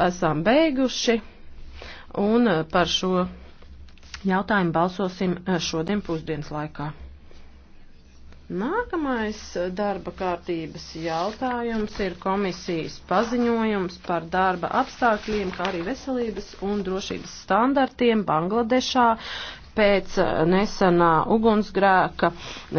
esam beiguši un eh, par šo jautājumu balsosim eh, šodien pusdienas laikā. Nākamais eh, darba kārtības jautājums ir komisijas paziņojums par darba apstākļiem, kā arī veselības un drošības standartiem Bangladešā pēc eh, nesenā ugunsgrēka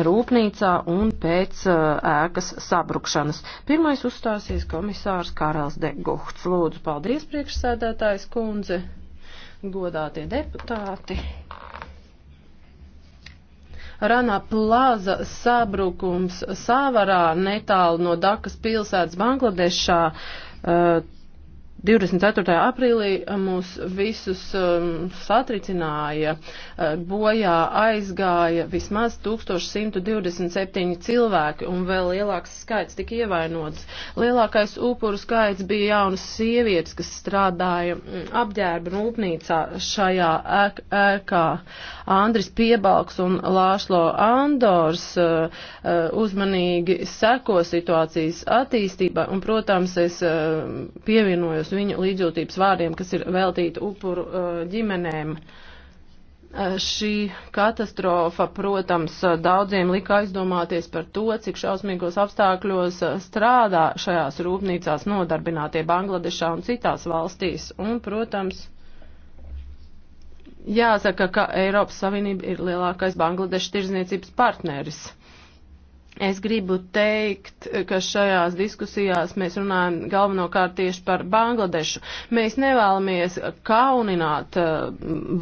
rūpnīcā un pēc eh, ēkas sabrukšanas. Pirmais uzstāsies komisārs Karels de Guhts. Lūdzu, paldies priekšsēdētājs kundze, godātie deputāti. Rana plaza sabrukums Sāvarā netālu no Dakas pilsētas Bangladešā. Uh, 24. aprīlī eh, mūs visus um, satricināja, uh, bojā aizgāja vismaz 1127 cilvēki un vēl lielāks skaits tika ievainots. Lielākais upuru skaits bija jaunas sievietes, kas strādāja mm, apģērba rūpnīcā šajā ēkā. Ek Andris Piebalks un Lāšlo Andors uh, uh, uzmanīgi seko situācijas attīstībai, un, protams, es uh, pievienojos viņu līdzjūtības vārdiem, kas ir veltīti upuru ģimenēm. Šī katastrofa, protams, daudziem lika aizdomāties par to, cik šausmīgos apstākļos strādā šajās rūpnīcās nodarbinātie Bangladešā un citās valstīs. Un, protams, Jāsaka, ka Eiropas Savienība ir lielākais Bangladešas tirzniecības partneris. Es gribu teikt, ka šajās diskusijās mēs runājam galvenokārt tieši par Bangladešu. Mēs nevēlamies kaunināt eh,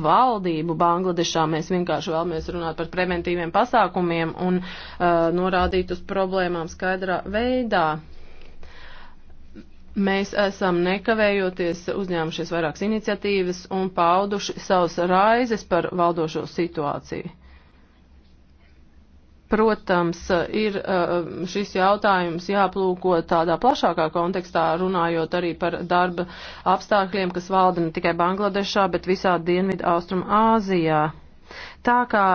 valdību Bangladešā, mēs vienkārši vēlamies runāt par preventīviem pasākumiem un uh, norādīt uz problēmām skaidrā veidā. Mēs esam nekavējoties uzņēmušies vairākas iniciatīvas un pauduši savas raizes par valdošo situāciju. Protams, ir eh, šis jautājums jāplūko tādā plašākā kontekstā, runājot arī par darba apstākļiem, kas valda ne tikai Bangladešā, bet visā Dienvidu Austrum Āzijā. Tā kā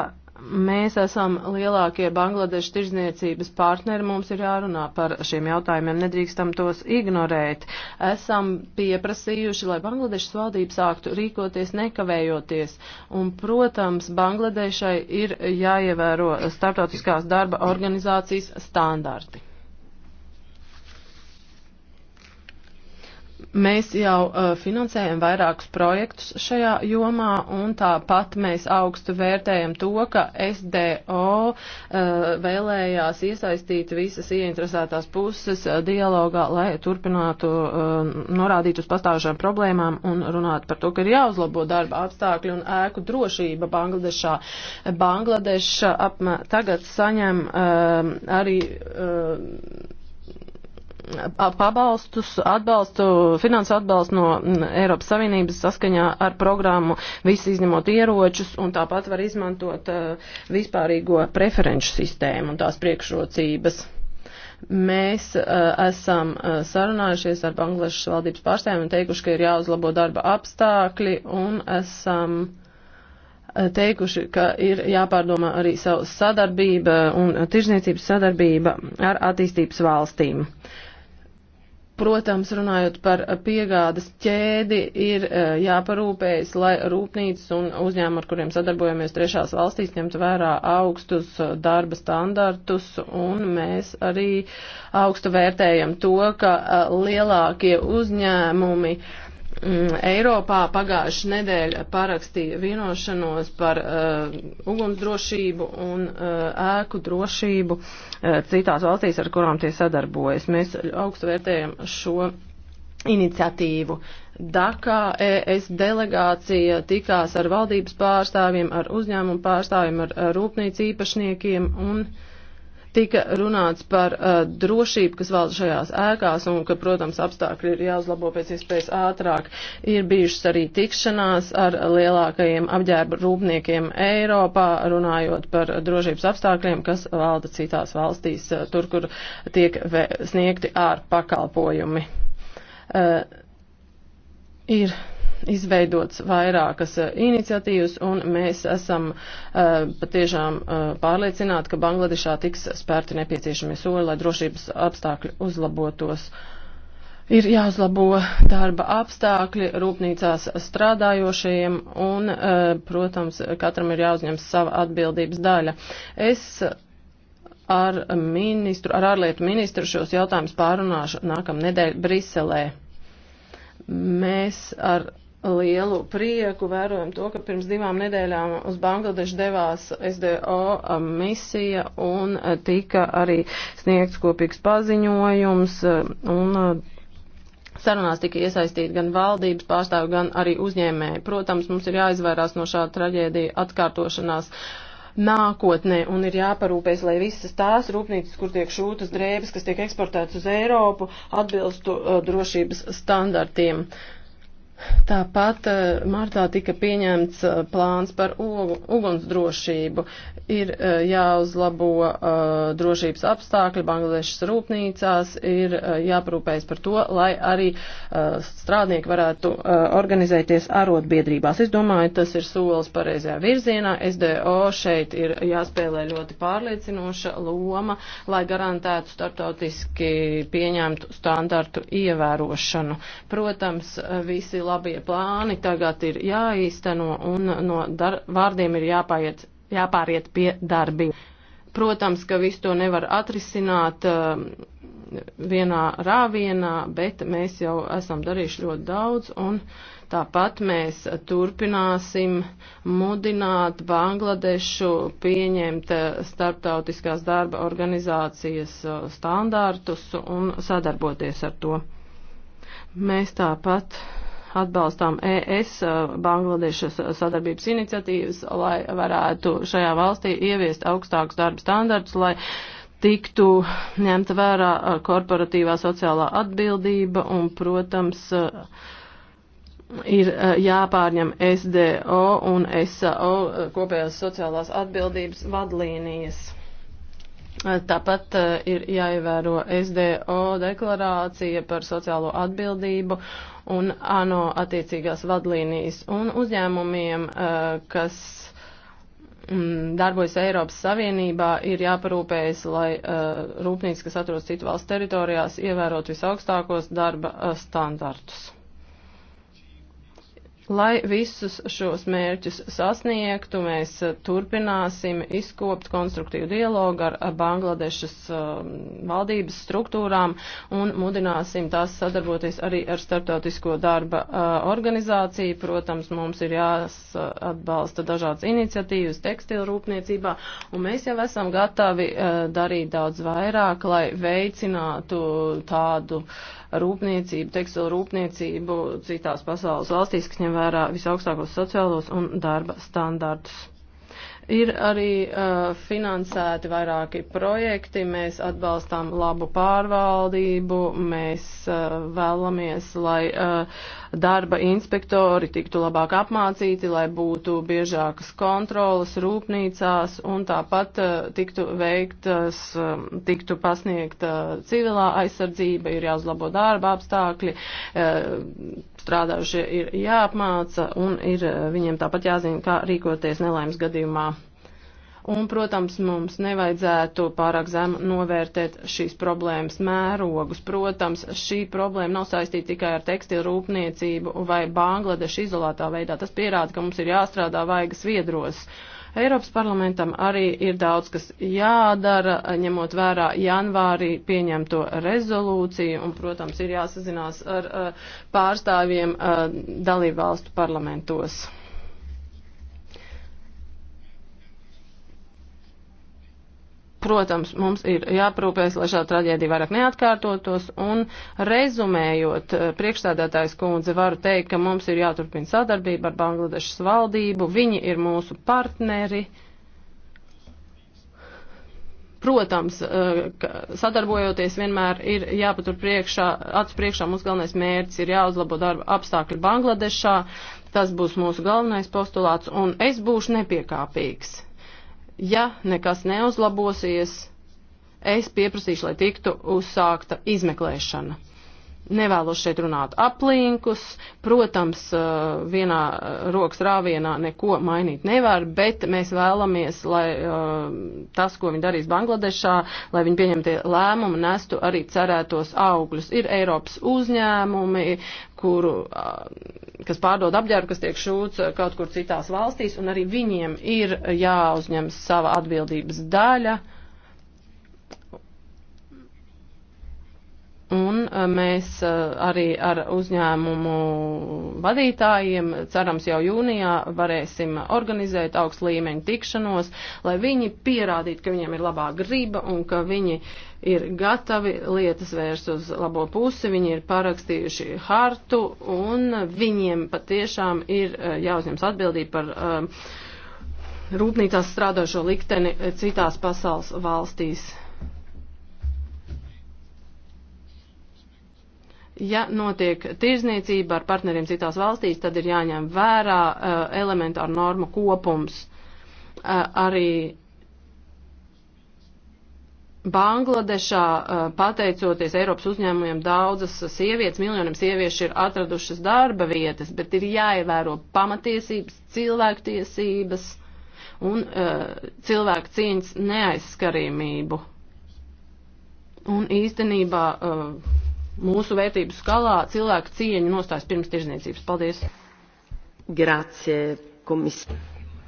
Mēs esam lielākie Bangladešu tirzniecības partneri, mums ir jārunā par šiem jautājumiem, nedrīkstam tos ignorēt. Esam pieprasījuši, lai Bangladešas valdība sāktu rīkoties nekavējoties, un, protams, Bangladešai ir jāievēro starptautiskās darba organizācijas standarti. Mēs jau uh, finansējam vairākus projektus šajā jomā, un tāpat mēs augstu vērtējam to, ka SDO uh, vēlējās iesaistīt visas ieinteresētās puses uh, dialogā, lai turpinātu uh, norādīt uz pastāvošām problēmām un runāt par to, ka ir jāuzlabo darba apstākļi un ēku drošība Bangladešā. Bangladeša apmē, tagad saņem uh, arī. Uh, pabalstus, atbalstu, finansu atbalstu no mm, Eiropas Savienības saskaņā ar programmu visi izņemot ieročus un tāpat var izmantot eh, vispārīgo preferenču sistēmu un tās priekšrocības mēs uh, esam uh, sarunājušies ar Bangladešas valdības pārstāvjiem un teikuši, ka ir jāuzlabo darba apstākļi un esam uh, teikuši, ka ir jāpārdomā arī savu sadarbība un tirzniecības sadarbība ar attīstības valstīm. Uh, Protams, runājot par piegādas ķēdi, ir e, jāparūpējas, lai rūpnīcas un uzņēmumi, ar kuriem sadarbojamies trešās valstīs, ņemtu vērā augstus e, darba standartus, un mēs arī augstu vērtējam to, ka e, lielākie uzņēmumi uh, Mm, Eiropā pagājuši nedēļa parakstīja vienošanos par uh, ugunsdrošību un uh, ēku drošību uh, citās valstīs, ar kurām tie sadarbojas. Mēs augstu vērtējam šo iniciatīvu. Dakā ES delegācija tikās ar valdības pārstāvjiem, ar uzņēmumu pārstāvjiem, ar, ar rūpnīcu īpašniekiem un uh, tika runāts par uh, drošību, kas valda šajās ēkās un ka, protams, apstākļi ir jāuzlabo pēc iespējas ātrāk. Ir bijušas arī tikšanās ar lielākajiem apģērba rūpniekiem Eiropā, runājot par drošības apstākļiem, kas valda citās valstīs, uh, tur, kur tiek sniegti ārpakalpojumi. Uh, ir izveidots vairākas eh, iniciatīvas, un mēs esam eh, patiešām eh, pārliecināti, ka Bangladešā tiks spērti nepieciešamie soļi, lai drošības apstākļi uzlabotos. Ir jāuzlabo darba apstākļi rūpnīcās strādājošajiem un, protams, katram ir jāuzņem sava atbildības daļa. Es ar ministru, ar ārlietu ministru šos jautājumus pārunāšu nākamnedēļ Briselē. Mēs ar lielu prieku vērojam to, ka pirms divām nedēļām uz Bangladešu devās SDO misija un tika arī sniegts kopīgs paziņojums un sarunās tika iesaistīti gan valdības pārstāvi, gan arī uzņēmēji. Protams, mums ir jāizvairās no šāda traģēdija atkārtošanās. Uh, nākotnē un ir jāparūpēs, lai visas tās rūpnīcas, kur tiek šūtas drēbes, kas tiek eksportētas uz Eiropu, atbilstu uh, drošības standartiem. Uh, Tāpat eh, martā tika pieņemts eh, plāns par ugunsdrošību. Ir eh, jāuzlabo drošības apstākļi Bangladešas rūpnīcās, ir jāprūpējas par to, lai arī strādnieki varētu organizēties arotbiedrībās. Es domāju, tas ir solis pareizajā virzienā. SDO šeit ir jāspēlē ļoti pārliecinoša loma, lai garantētu starptautiski pieņemtu standartu ievērošanu. Protams, visi labie plāni tagad ir jāīsteno un no dar, vārdiem ir jāpāiet, jāpāriet pie darbiem. Protams, ka visu to nevar atrisināt um, vienā rāvienā, bet mēs jau esam darījuši ļoti daudz un tāpat mēs turpināsim mudināt Bangladešu pieņemt uh, starptautiskās darba organizācijas uh, standārtus un sadarboties ar to mēs tāpat atbalstām ES uh, Bangladešas sadarbības iniciatīvas, lai varētu šajā valstī ieviest augstākus darba standartus, lai tiktu ņemta vērā uh, korporatīvā sociālā atbildība un, protams, uh, ir jāpārņem SDO un SAO kopējās sociālās atbildības vadlīnijas. Tāpat ir jāievēro SDO deklarācija par sociālo atbildību un ANO attiecīgās vadlīnijas. Un uzņēmumiem, eh, kas mm, darbojas Eiropas Savienībā, ir jāparūpējas, lai eh, rūpnīcas, kas atrodas citu valstu teritorijās, ievērot visaugstākos darba eh, standartus. Lai visus šos mērķus sasniegtu, mēs eh, turpināsim izkopt konstruktīvu dialogu ar Bangladešas um, valdības struktūrām un mudināsim tās sadarboties arī ar starptautisko darba uh, organizāciju. Protams, mums ir jāatbalsta dažādas iniciatīvas tekstilu rūpniecībā, un mēs jau esam gatavi uh, darīt daudz vairāk, lai veicinātu tādu uh, rūpniecību, tekstilu rūpniecību citās pasaules valstīs, kas ņem vērā visaugstākos sociālos un darba standartus. Ir arī uh, finansēti vairāki projekti, mēs atbalstām labu pārvaldību, mēs uh, vēlamies, lai uh, darba inspektori tiktu labāk apmācīti, lai būtu biežākas kontrolas rūpnīcās un tāpat eh, tiktu veiktas, eh, tiktu pasniegta civilā aizsardzība, ir jāuzlabo darba apstākļi, eh, strādājušie ir jāapmāca un ir viņiem tāpat jāzina, kā rīkoties nelaimes gadījumā. Un, protams, mums nevajadzētu pārāk zem novērtēt šīs problēmas mērogus. Protams, šī problēma nav saistīta tikai ar tekstilu rūpniecību vai Bangladešu izolētā veidā. Tas pierāda, ka mums ir jāstrādā vaigas viedros. Eiropas parlamentam arī ir daudz, kas jādara, ņemot vērā janvārī pieņemto rezolūciju, un, protams, ir jāsazinās ar, ar uh, pārstāvjiem uh, dalībvalstu parlamentos. Protams, mums ir jāprūpēs, lai šāda traģēdija vairāk neatkārtotos, un rezumējot, eh, priekšstādātājs kundze, varu teikt, ka mums ir jāturpina sadarbība ar Bangladešas valdību, viņi ir mūsu partneri. Protams, eh, sadarbojoties vienmēr ir jāpatur priekšā, acu priekšā mūsu galvenais mērķis ir jāuzlabo darba apstākļi Bangladešā, tas būs mūsu galvenais postulāts, un es būšu nepiekāpīgs ja nekas neuzlabosies, es pieprasīšu, lai tiktu uzsākta izmeklēšana. Nevēlos šeit runāt aplinkus, protams, vienā rokas rāvienā neko mainīt nevar, bet mēs vēlamies, lai tas, ko viņi darīs Bangladešā, lai viņi pieņemtie lēmumi nestu arī cerētos augļus. Ir Eiropas uzņēmumi, kuru, kas pārdod apģērbu, kas tiek šūts kaut kur citās valstīs, un arī viņiem ir jāuzņem sava atbildības daļa. Un eh, mēs eh, arī ar uzņēmumu vadītājiem, cerams, jau jūnijā varēsim organizēt augstu līmeņu tikšanos, lai viņi pierādītu, ka viņiem ir labā griba un ka viņi ir gatavi lietas vērst uz labo pusi, viņi ir parakstījuši hartu un viņiem patiešām ir eh, jāuzņems atbildība par rūpnīcās strādošo likteni citās pasaules valstīs. Ja notiek tirzniecība ar partneriem citās valstīs, tad ir jāņem vērā uh, eh, elementāra norma kopums. Uh, arī Bangladešā, eh, pateicoties Eiropas uzņēmumiem, daudzas sievietes, miljoniem sieviešu ir atradušas darba vietas, bet ir jāievēro pamatiesības, cilvēktiesības un uh, cilvēku cieņas neaizskarīmību. Un īstenībā uh, mūsu vērtības skalā cilvēku cieņa nostājas pirms tirzniecības. Paldies! Grācie, komisār.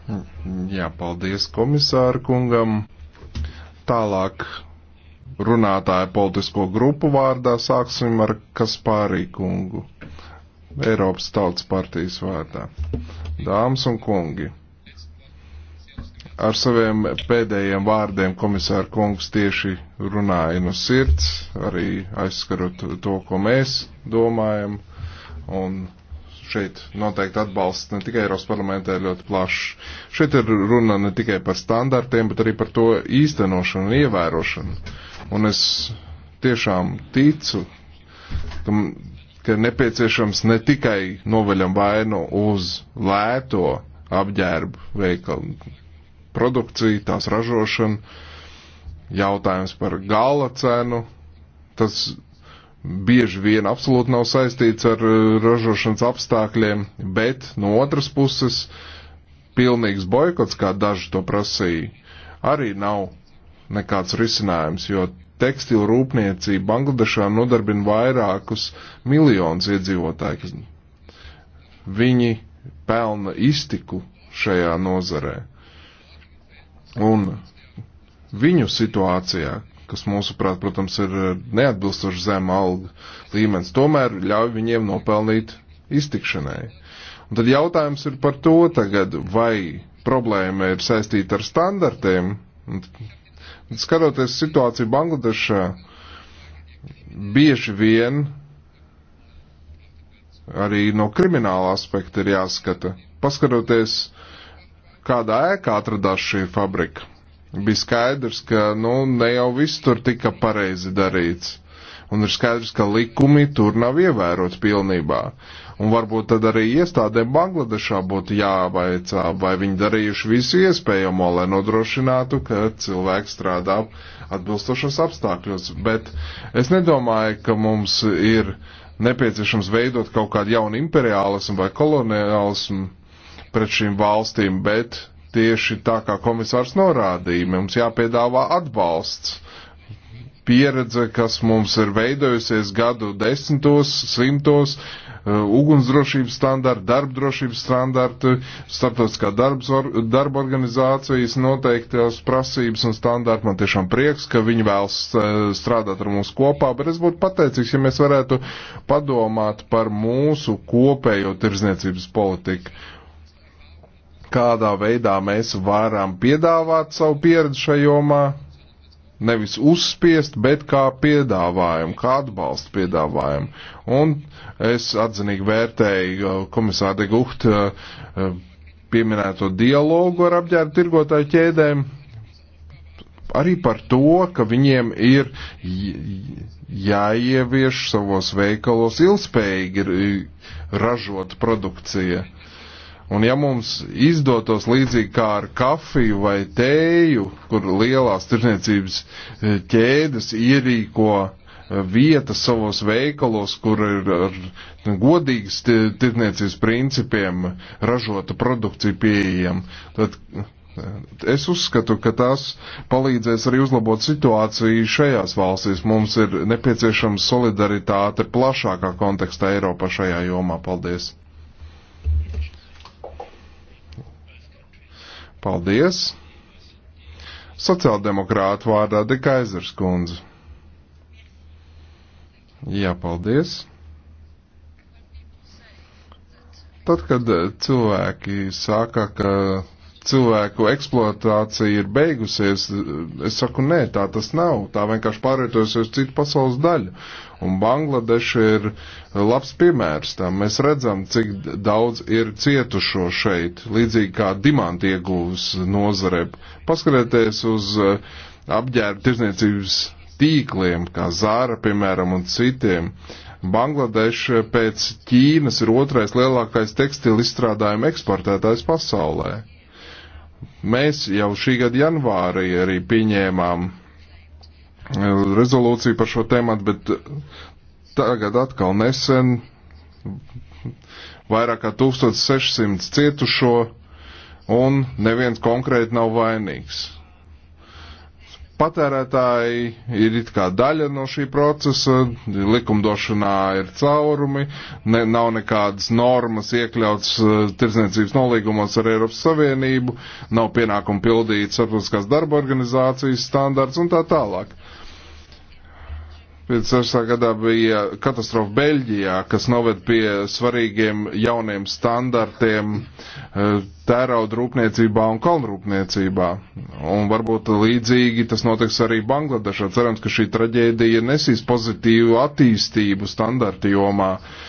Mm, jā, paldies komisāru kungam. Tālāk runātāja politisko grupu vārdā sāksim ar Kaspārī kungu. Eiropas Tautas partijas vārdā. Dāmas un kungi, ar saviem pēdējiem vārdiem komisāra kungs tieši runāja no sirds, arī aizskarot to, ko mēs domājam. Un šeit noteikti atbalsts ne tikai Eiropas parlamentē ir ļoti plašs. Šeit ir runa ne tikai par standartiem, bet arī par to īstenošanu un ievērošanu. Un es tiešām ticu, ka, ka ir nepieciešams ne tikai noveļam vainu uz lēto apģērbu veikalu produkciju, tās ražošanu, jautājums par gala cenu. Tas bieži vien absolūti nav saistīts ar uh, ražošanas apstākļiem, bet no otras puses pilnīgs boikots, kā daži to prasīja, arī nav nekāds risinājums, jo tekstilu rūpniecība Bangladešā nodarbina vairākus miljonus iedzīvotāju. Viņi pelna iztiku šajā nozarē. Un viņu situācijā, kas mūsuprāt, protams, ir eh, neatbilstoši zema alga līmenis, tomēr ļauj viņiem nopelnīt iztikšanai. Un tad jautājums ir par to tagad, vai problēma ir saistīta ar standartiem. Skatoties situāciju Bangladešā, bieži vien arī no krimināla aspekta ir jāskata. Paskatoties uh, kādā ēkā atradās šī fabrika. Bija skaidrs, ka nu, ne jau viss tur tika pareizi darīts. Un ir skaidrs, ka likumi tur nav ievērots pilnībā. Un varbūt tad arī iestādēm Bangladešā būtu jāvaicā, vai viņi darījuši visu iespējamo, lai nodrošinātu, ka cilvēks strādā atbilstošos apstākļos. Bet es nedomāju, ka mums ir nepieciešams veidot kaut kādu jaunu imperiālismu vai koloniālismu pret šīm valstīm, bet tieši tā kā komisārs norādīja, mums jāpiedāvā atbalsts. Pieredze, kas mums ir veidojusies gadu desmitos, simtos, uh, ugunsdrošības standarti, darbdrošības standarti, starptautiskā darbs, or, darba organizācijas noteiktās prasības un standarti. Man tiešām prieks, ka viņi vēlas uh, strādāt ar mums kopā, bet es būtu pateicīgs, ja mēs varētu padomāt par mūsu kopējo tirzniecības politiku kādā veidā mēs varam piedāvāt savu pieredzi šajā jomā, nevis uzspiest, bet kā piedāvājumu, kā atbalstu piedāvājumu. Un es atzinīgi vērtēju uh, komisāra de Gucht uh, uh, pieminēto dialogu ar apģērbu tirgotāju ķēdēm, arī par to, ka viņiem ir jāievieš savos veikalos ilgspējīgi ražot produkcija. Un ja mums izdotos līdzīgi kā ar kafiju vai tēju, kur lielās tirzniecības e, ķēdes ierīko e, vietas savos veikalos, kur ir ar nu, godīgas tirzniecības principiem ražota produkcija pieejama, tad e, es uzskatu, ka tas palīdzēs arī uzlabot situāciju šajās valstīs. Mums ir nepieciešama solidaritāte plašākā kontekstā Eiropā šajā jomā. Paldies! Paldies! Sociāldemokrātu vārdā Dekaizers kundze. Jā, paldies! Tad, kad cilvēki saka, ka cilvēku eksploatācija ir beigusies, es saku, nē, tā tas nav. Tā vienkārši pārvietojas uz citu pasaules daļu. Un Bangladeša ir labs piemērs tam. Mēs redzam, cik daudz ir cietušo šeit, līdzīgi kā dimanti ieguvus nozarē. Paskatieties uz uh, apģērba tirzniecības tīkliem, kā Zāra, piemēram, un citiem. Bangladeša pēc Ķīnas ir otrais lielākais tekstilu izstrādājuma eksportētājs pasaulē. Mēs jau šī gada janvārī arī pieņēmām eh, rezolūciju par šo tēmu, bet tagad atkal nesen vairāk kā 1600 cietušo un neviens konkrēti nav vainīgs patērētāji ir it kā daļa no šī procesa, likumdošanā ir caurumi, ne, nav nekādas normas iekļauts eh, tirdzniecības nolīgumos ar Eiropas Savienību, nav pienākumu pildīt starptautiskās darba organizācijas standarts un tā tālāk. 56. gadā bija katastrofa Beļģijā, kas noved pie svarīgiem jauniem standartiem e, tērauda rūpniecībā un kalnrūpniecībā. Un varbūt līdzīgi tas notiks arī Bangladešā. Cerams, ka šī traģēdija nesīs pozitīvu attīstību standarta jomā. Uh,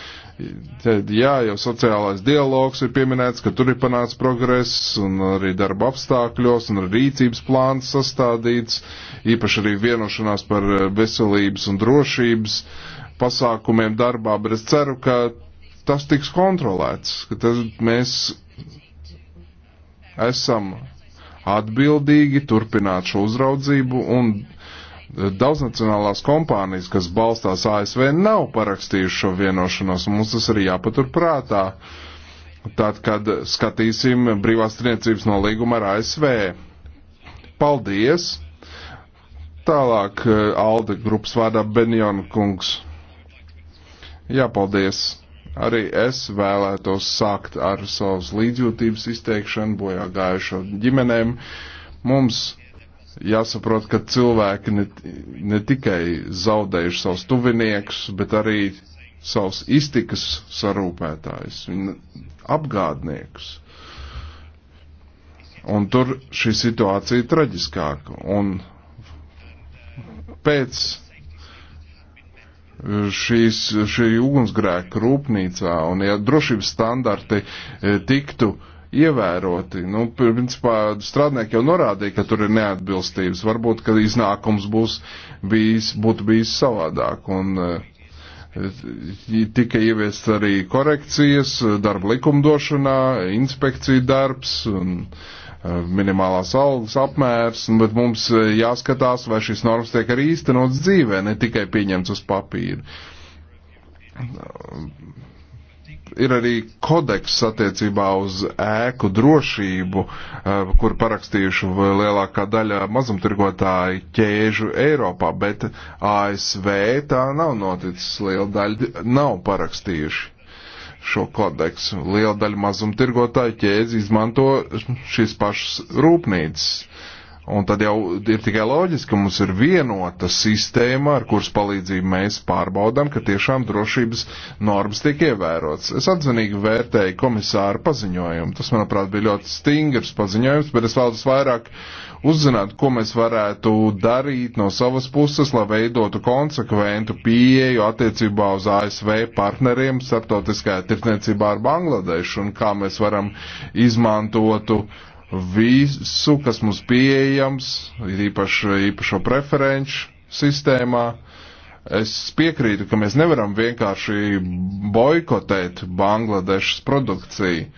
Jā, jau sociālais dialogs ir pieminēts, ka tur ir panācis progress un arī darba apstākļos un rīcības plāns sastādīts, īpaši arī vienošanās par eh, veselības un drošības pasākumiem darbā, bet es ceru, ka tas tiks kontrolēts, ka tas, mēs esam atbildīgi turpināt šo uzraudzību un Daudznacionālās kompānijas, kas balstās ASV, nav parakstījuši šo vienošanos, un mums tas arī jāpatur prātā, tad, kad skatīsim brīvās tirniecības nolīgumu ar ASV. Paldies! Tālāk eh, Alde grupas vārdā Benjona kungs. Jā, paldies! Arī es vēlētos sākt ar savas līdzjūtības izteikšanu bojā gājušo ģimenēm. Mums jāsaprot, ka cilvēki ne, ne tikai zaudējuši savus tuviniekus, bet arī savus iztikas sarūpētājus, apgādniekus. Un tur šī situācija ir traģiskāka. Un pēc šīs, šī ugunsgrēka rūpnīcā, un ja drošības standarti e, tiktu uh, ievēroti. Nu, principā strādnieki jau norādīja, ka tur ir neatbilstības. Varbūt, ka iznākums būs bijis, būtu bijis savādāk. Un, eh, Tika ieviest arī korekcijas darba likumdošanā, inspekcija darbs un eh, minimālās algas apmērs, bet mums eh, jāskatās, vai šīs normas tiek arī īstenotas dzīvē, ne tikai pieņemts uz papīra ir arī kodeks attiecībā uz ēku drošību, eh, kur parakstījuši lielākā daļa mazumtirgotāju ķēžu Eiropā, bet ASV tā nav noticis. Liela daļa nav parakstījuši šo kodeksu. Liela daļa mazumtirgotāju ķēdes izmanto šīs pašas rūpnīcas. Un tad jau ir tikai loģiski, ka mums ir vienota sistēma, ar kuras palīdzību mēs pārbaudām, ka tiešām drošības normas tiek ievērotas. Es atzinīgi vērtēju komisāru paziņojumu. Tas, manuprāt, bija ļoti stingrs paziņojums, bet es vēlos vairāk uzzināt, ko mēs varētu darīt no savas puses, lai veidotu konsekventu pieeju attiecībā uz ASV partneriem starptautiskajā tirtniecībā ar Bangladešu un kā mēs varam izmantotu uh, visu, kas mums pieejams, ir īpaši īpašo preferenču sistēmā. Es piekrītu, ka mēs nevaram vienkārši boikotēt Bangladešas produkciju,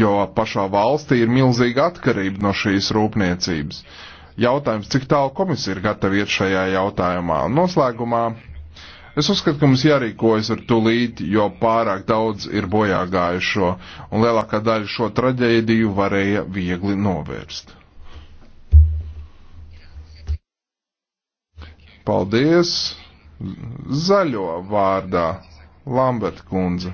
jo pašā valstī ir milzīga atkarība no šīs rūpniecības. Jautājums, cik tālu komisija ir gatava iet šajā jautājumā? Noslēgumā Es uzskatu, ka mums jārīkojas ar tūlīt, jo pārāk daudz ir bojā gājušo, un lielākā daļa šo traģēdiju varēja viegli novērst. Paldies! Zaļo vārdā Lambert kundze.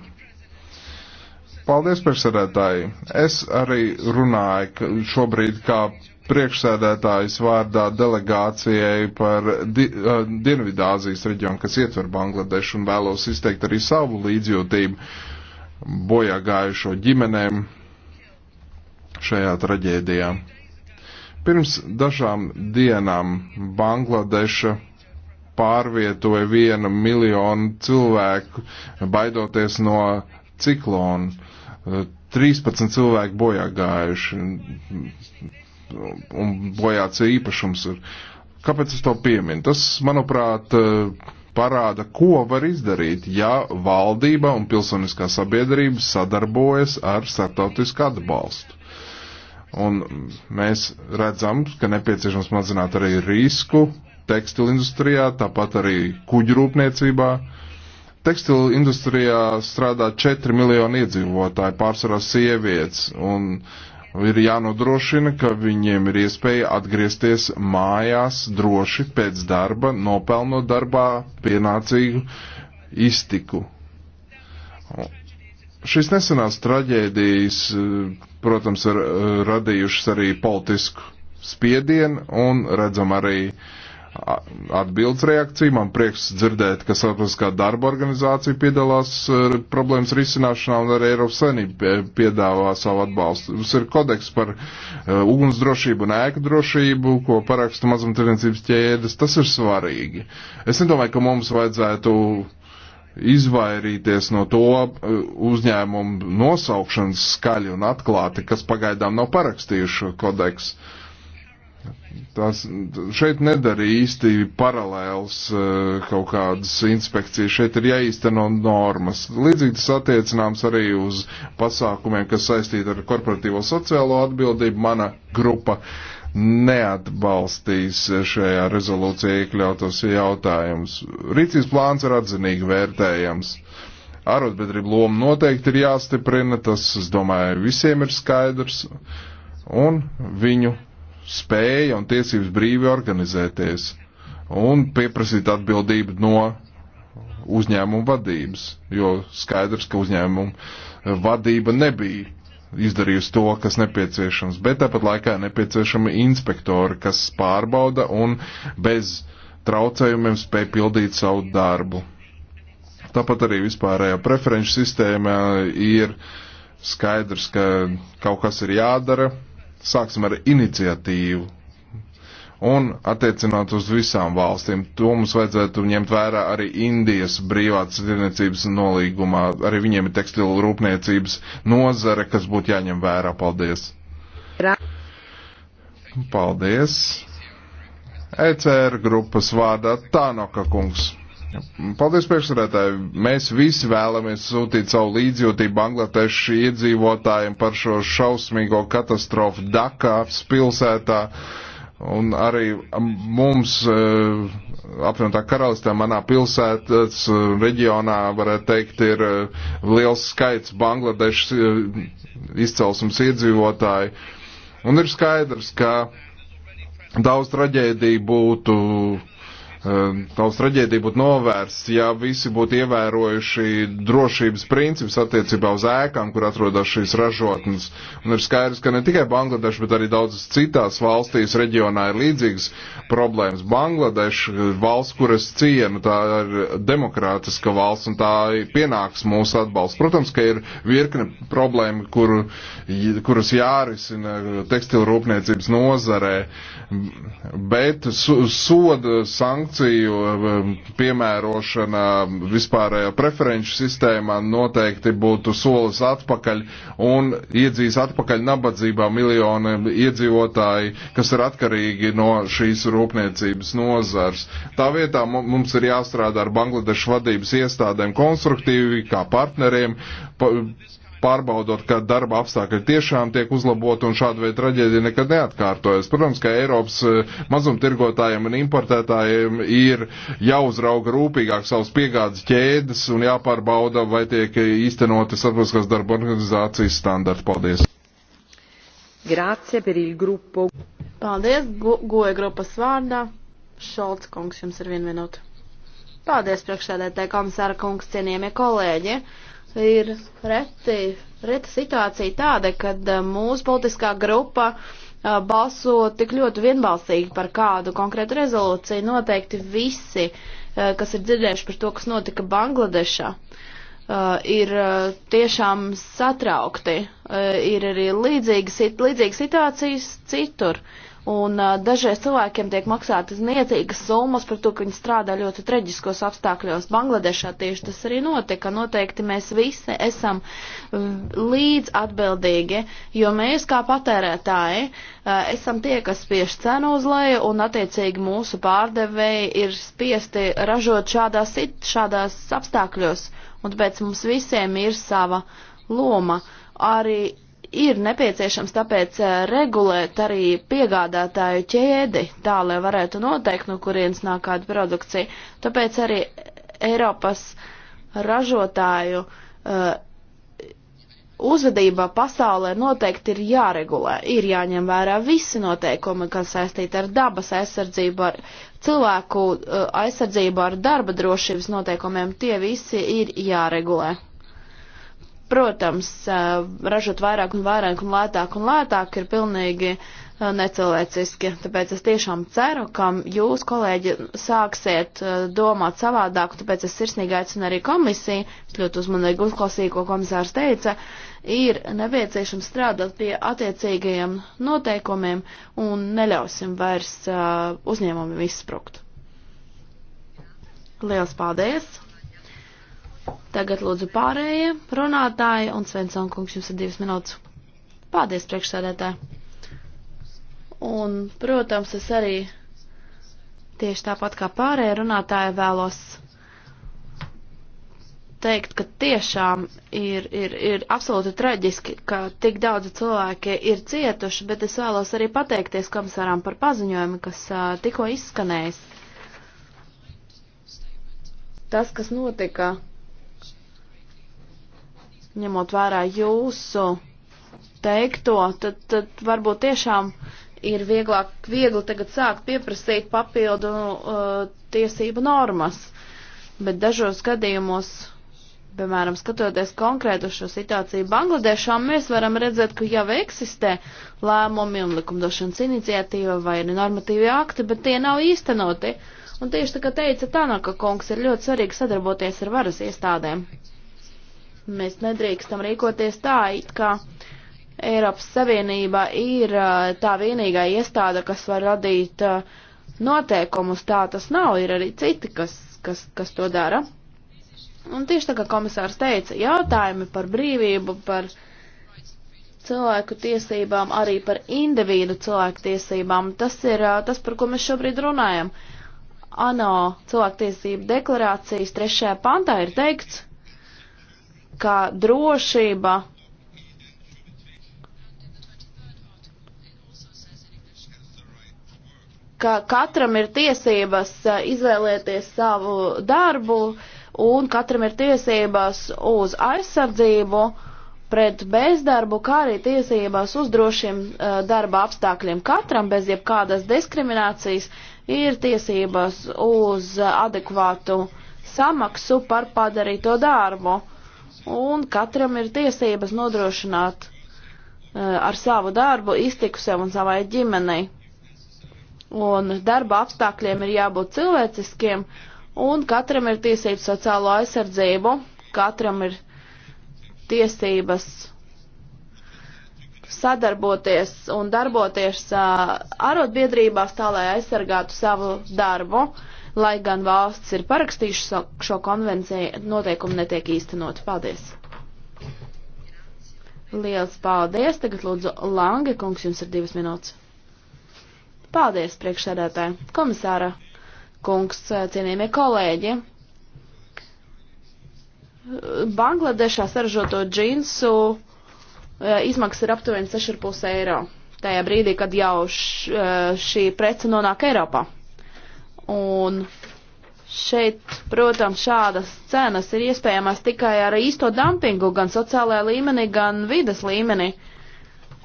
Paldies, priekšsēdētāji. Es arī runāju šobrīd kā priekšsēdētājas vārdā delegācijai par di, uh, Dienvidāzijas reģionu, kas ietver Bangladešu, un vēlos izteikt arī savu līdzjūtību bojā gājušo ģimenēm šajā traģēdijā. Pirms dažām dienām Bangladeša pārvietoja vienu miljonu cilvēku, baidoties no ciklona. 13 eh, cilvēki bojā gājuši un bojāts īpašums ir. Kāpēc es to pieminu? Tas, manuprāt, eh, parāda, ko var izdarīt, ja valdība un pilsoniskā sabiedrība sadarbojas ar starptautisku atbalstu. Un mēs redzam, ka nepieciešams mazināt arī risku tekstilindustrijā, tāpat arī kuģrūpniecībā. Tekstilu industrijā strādā 4 miljoni iedzīvotāji, pārsvarā sievietes, un uh, ir jānodrošina, ka viņiem ir iespēja atgriezties mājās droši pēc darba, nopelnot darbā pienācīgu iztiku. Šis nesenās traģēdijas, protams, ir eh, radījušas arī politisku spiedienu un redzam arī uh, atbildes reakcija. Man prieks dzirdēt, ka starptautiskā darba organizācija piedalās eh, problēmas risināšanā un arī Eiropas Savienība piedāvā savu atbalstu. Mums ir kodeks par eh, ugunsdrošību un ēku drošību, ko paraksta mazumtirniecības ķēdes. Tas ir svarīgi. Es nedomāju, ka mums vajadzētu izvairīties no to eh, uzņēmumu nosaukšanas skaļi un atklāti, kas pagaidām nav parakstījuši kodeksu Tas šeit nedara īsti paralēls eh, kaut kādas inspekcijas, šeit ir jāīsteno normas. Līdzīgi tas attiecināms arī uz pasākumiem, kas saistīti ar korporatīvo sociālo atbildību. Mana grupa neatbalstīs šajā rezolūcijā iekļautos jautājumus. Rīcības plāns ir atzinīgi vērtējams. Arotbiedrību loma noteikti ir jāstiprina, tas, es domāju, visiem ir skaidrs. Un viņu spēja un tiesības brīvi organizēties un pieprasīt atbildību no uzņēmumu vadības, jo skaidrs, ka uzņēmumu vadība nebija izdarījusi to, kas nepieciešams, bet tāpat laikā nepieciešami inspektori, kas pārbauda un bez traucējumiem spēj pildīt savu darbu. Tāpat arī vispārējā preferenču sistēmā ir skaidrs, ka kaut kas ir jādara, Sāksim ar iniciatīvu un attiecināt uz visām valstīm. To mums vajadzētu ņemt vērā arī Indijas brīvās tirniecības nolīgumā. Arī viņiem ir tekstilu rūpniecības nozare, kas būtu jāņem vērā. Paldies! Paldies! ECR grupas vārdā Tānoka kungs. Paldies, priekšsarētāji. Mēs visi vēlamies sūtīt savu līdzjūtību Bangladešu iedzīvotājiem par šo šausmīgo katastrofu Dakās pilsētā. Un arī mums, e, apvienotā karalistē, manā pilsētas e, reģionā, varētu teikt, ir e, liels skaits Bangladešas izcelsums iedzīvotāji. Un ir skaidrs, ka daudz traģēdiju būtu Tavs um, traģēdija būtu novērsts, ja visi būtu ievērojuši drošības principus attiecībā uz ēkām, kur atrodas šīs ražotnes. Un ir skaidrs, ka ne tikai Bangladeša, bet arī daudzas citās valstīs reģionā ir līdzīgas problēmas. Bangladeša ir uh, valsts, kuras cienu, tā ir demokrātiska valsts un tā pienāks mūsu atbalsts. Protams, ka ir virkne problēma, kur, kuras jārisina tekstilu rūpniecības nozarē, bet soda sankcijas sankciju um, piemērošana vispārējā preferenču sistēmā noteikti būtu solis atpakaļ un iedzīs atpakaļ nabadzībā miljoni iedzīvotāji, kas ir atkarīgi no šīs rūpniecības nozars. Tā vietā mums ir jāstrādā ar Bangladešu vadības iestādēm konstruktīvi, kā partneriem, pa, pārbaudot, ka darba apstākļi tiešām tiek uzlaboti un šāda veida traģēdija nekad neatkārtojas. Protams, ka Eiropas eh, mazumtirgotājiem un importētājiem ir jāuzrauga rūpīgāk savas piegādes ķēdes un jāpārbauda, vai tiek īstenoti starptautiskās darba organizācijas standarti. Paldies! Grācie par il grupo. Paldies, go, goja grupas vārdā. Šolts kungs jums ir viena minūte. Paldies, priekšsēdētāji komisāra kungs, cienījamie kolēģi ir reti, reta situācija tāda, kad eh, mūsu politiskā grupa eh, balso tik ļoti vienbalsīgi par kādu konkrētu rezolūciju. Noteikti visi, eh, kas ir dzirdējuši par to, kas notika Bangladešā, ir tiešām satraukti. Ir arī līdzīgas, līdzīgas situācijas citur. Un uh, dažreiz cilvēkiem tiek maksātas niecīgas summas par to, ka viņi strādā ļoti traģiskos apstākļos. Bangladešā tieši tas arī notika. Noteikti mēs visi esam līdz atbildīgi, jo mēs kā patērētāji uh, esam tie, kas spiež cenu uz leju un attiecīgi mūsu pārdevēji ir spiesti ražot šādās, šādās apstākļos. Un tāpēc mums visiem ir sava loma. Arī ir nepieciešams tāpēc eh, regulēt arī piegādātāju ķēdi, tā lai varētu noteikt, no kurienes nāk kāda produkcija. Tāpēc arī Eiropas ražotāju uh, eh, uzvedībā pasaulē noteikti ir jāregulē, ir jāņem vērā visi noteikumi, kas saistīti ar dabas aizsardzību, ar cilvēku eh, aizsardzību, ar darba drošības noteikumiem, tie visi ir jāregulē. Protams, ražot vairāk un vairāk un lētāk un lētāk ir pilnīgi necilvēciski. Tāpēc es tiešām ceru, ka jūs, kolēģi, sāksiet domāt savādāk, tāpēc es sirsnīgi aicinu arī komisiju, es ļoti uzmanīgi uzklausīju, ko komisārs teica, ir nepieciešams strādāt pie attiecīgajiem noteikumiem un neļausim vairs uzņēmumiem izsprukt. Liels paldies! Tagad lūdzu pārējie runātāji un Svensson kungs jums ir divas minūtes. Paldies priekšsēdētāji. Un, protams, es arī tieši tāpat kā pārējie runātāji vēlos teikt, ka tiešām ir, ir, ir absolūti traģiski, ka tik daudzi cilvēki ir cietuši, bet es vēlos arī pateikties komisāram par paziņojumu, kas uh, tikko izskanējis. Tas, kas notika ņemot vērā jūsu teikto, tad, tad varbūt tiešām ir vieglāk, viegli tagad sākt pieprasīt papildu uh, tiesību normas, bet dažos gadījumos, piemēram, skatoties konkrētu šo situāciju Bangladešā, mēs varam redzēt, ka jau eksistē lēmumi un likumdošanas iniciatīva vai ir normatīvi akti, bet tie nav īstenoti. Un tieši tā kā teica Tanaka kungs, ir ļoti svarīgi sadarboties ar varas iestādēm. Mēs nedrīkstam rīkoties tā, it kā Eiropas Savienība ir tā vienīgā iestāde, kas var radīt noteikumus. Tā tas nav, ir arī citi, kas, kas, kas to dara. Un tieši tā kā komisārs teica, jautājumi par brīvību, par cilvēku tiesībām, arī par individu cilvēku tiesībām, tas ir tas, par ko mēs šobrīd runājam. ANO cilvēktiesību deklarācijas trešajā pantā ir teikts, ka drošība ka katram ir tiesības eh, izvēlēties savu darbu un katram ir tiesības uz aizsardzību pret bezdarbu, kā arī tiesībās uz drošiem uh, darba apstākļiem. Katram bez jebkādas diskriminācijas ir tiesības uz adekvātu samaksu par padarīto darbu un katram ir tiesības nodrošināt e, ar savu darbu iztiku sev un savai ģimenei. Un darba apstākļiem ir jābūt cilvēciskiem, un katram ir tiesības sociālo aizsardzību, katram ir tiesības sadarboties un darboties e, arotbiedrībās tā, lai aizsargātu savu darbu. Uh, lai gan valsts ir parakstījušas šo, šo konvenciju, noteikumi netiek īstenot. Paldies! Liels paldies! Tagad lūdzu Lange, kungs, jums ir divas minūtes. Paldies, priekšsēdētāji, komisāra, kungs, cienījamie kolēģi. Bangladešā saražoto džinsu e, izmaksas ir aptuveni 6,5 eiro. Tajā brīdī, kad jau š, e, šī prece nonāk Eiropā. Un šeit, protams, šādas cenas ir iespējamas tikai ar īsto dumpingu gan sociālajā līmenī, gan vidas līmenī.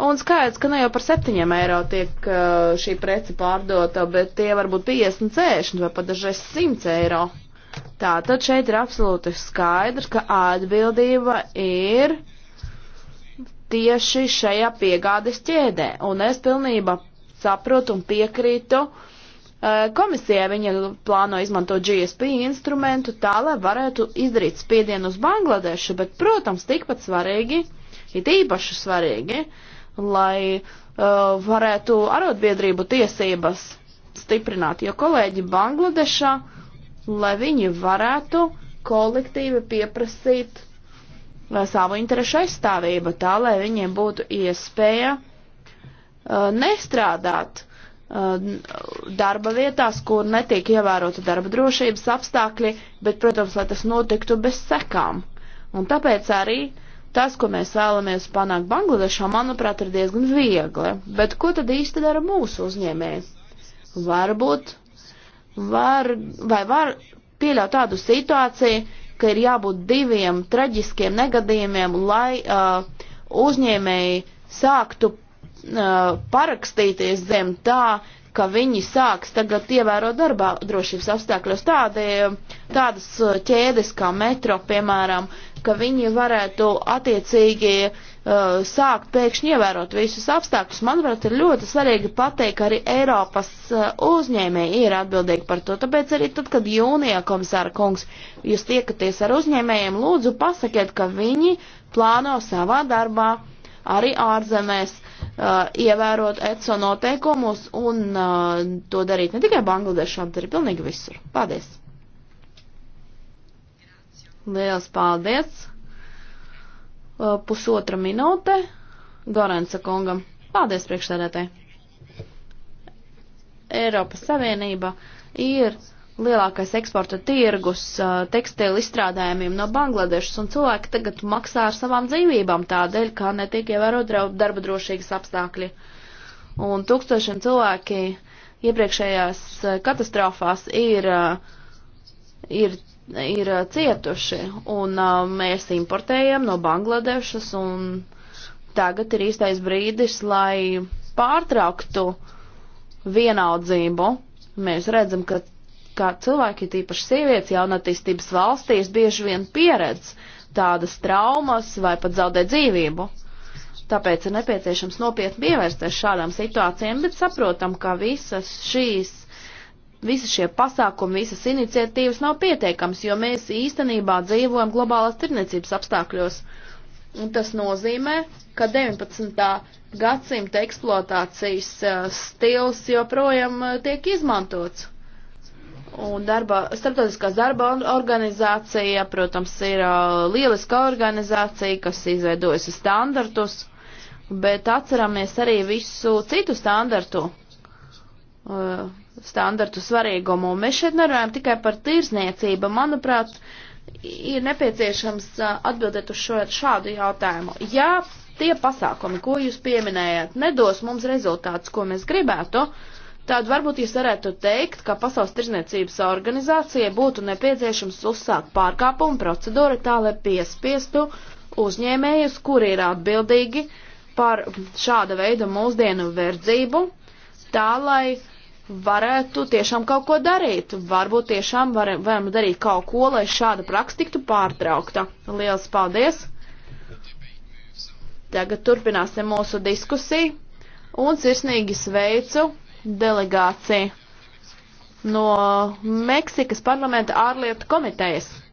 Un skaidrs, ka ne jau par 7 eiro tiek uh, šī prece pārdota, bet tie var būt 50, 60 vai pat dažreiz 100 eiro. Tātad šeit ir absolūti skaidrs, ka atbildība ir tieši šajā piegādes ķēdē. Un es pilnībā saprotu un piekrītu uh, Komisija viņa plāno izmantot GSP instrumentu tā, lai varētu izdarīt spiedienu uz Bangladešu, bet, protams, tikpat svarīgi, ir īpaši svarīgi, lai uh, varētu arotbiedrību tiesības stiprināt, jo kolēģi Bangladešā, lai viņi varētu kolektīvi pieprasīt uh, savu interešu aizstāvību, tā, lai viņiem būtu iespēja uh, nestrādāt Uh, darba vietās, kur netiek ievērota darba drošības apstākļi, bet, protams, lai tas notiktu bez sekām. Un tāpēc arī tas, ko mēs vēlamies panākt Bangladešā, manuprāt, ir diezgan viegli. Bet ko tad īsti dara mūsu uzņēmēji? Varbūt var, vai var pieļaut tādu situāciju, ka ir jābūt diviem traģiskiem negadījumiem, lai uh, uzņēmēji sāktu uh, parakstīties zem tā, ka viņi sāks tagad ievērot darbā drošības apstākļos tādie, tādas ķēdes kā metro, piemēram, ka viņi varētu attiecīgi uh, sākt pēkšņi ievērot visus apstākļus. Manuprāt, ir ļoti svarīgi pateikt, ka arī Eiropas uh, uzņēmēji ir atbildīgi par to. Tāpēc arī tad, kad jūnijā komisāra kungs jūs tiekaties ar uzņēmējiem, lūdzu pasakiet, ka viņi plāno savā darbā uh, arī ārzemēs uh, ievērot ECO noteikumus un uh, to darīt ne tikai Bangladešā, bet arī pilnīgi visur. Paldies! Liels paldies! Uh, pusotra minūte Gorensa kungam. Paldies priekšsēdētāji! Eiropas Savienība ir lielākais eksporta tirgus tekstilu izstrādājumiem no Bangladešas, un cilvēki tagad maksā ar savām dzīvībām tādēļ, kā netiek ievērot darba drošības apstākļi. Un tūkstošiem cilvēki iepriekšējās katastrofās ir, ir, ir cietuši, un mēs importējam no Bangladešas, un tagad ir īstais brīdis, lai pārtrauktu vienaldzību. Mēs redzam, ka ka cilvēki, tīpaši sievietes jaunatīstības valstīs, bieži vien pieredz tādas traumas vai pat zaudē dzīvību. Tāpēc ir nepieciešams nopietni pievērsties šādām situācijām, bet saprotam, ka visas šīs, visas šie pasākumi, visas iniciatīvas nav pietiekams, jo mēs īstenībā dzīvojam globālās tirniecības apstākļos. Un tas nozīmē, ka 19. gadsimta eksploatācijas eh, stils joprojām eh, tiek izmantots. Un darba, starptautiskās darba organizācija, protams, ir uh, lieliska organizācija, kas izveidojusi standartus, bet atceramies arī visu citu standartu, uh, standartu svarīgumu. Mēs šeit nerunājam tikai par tirzniecību. Manuprāt, ir nepieciešams uh, atbildēt uz šo, šādu jautājumu. Ja tie pasākumi, ko jūs pieminējāt, nedos mums rezultātus, ko mēs gribētu, uh, Tad varbūt jūs varētu teikt, ka Pasaules tirzniecības organizācijai būtu nepieciešams uzsākt pārkāpumu procedūru tā, lai piespiestu uzņēmējus, kuri ir atbildīgi par šāda veida mūsdienu verdzību, tā, lai varētu tiešām kaut ko darīt. Varbūt tiešām varam, varam darīt kaut ko, lai šāda praksa tiktu pārtraukta. Lielas paldies! Tagad turpināsim mūsu diskusiju un sirsnīgi sveicu delegācija no Meksikas parlamenta ārlietu komitejas.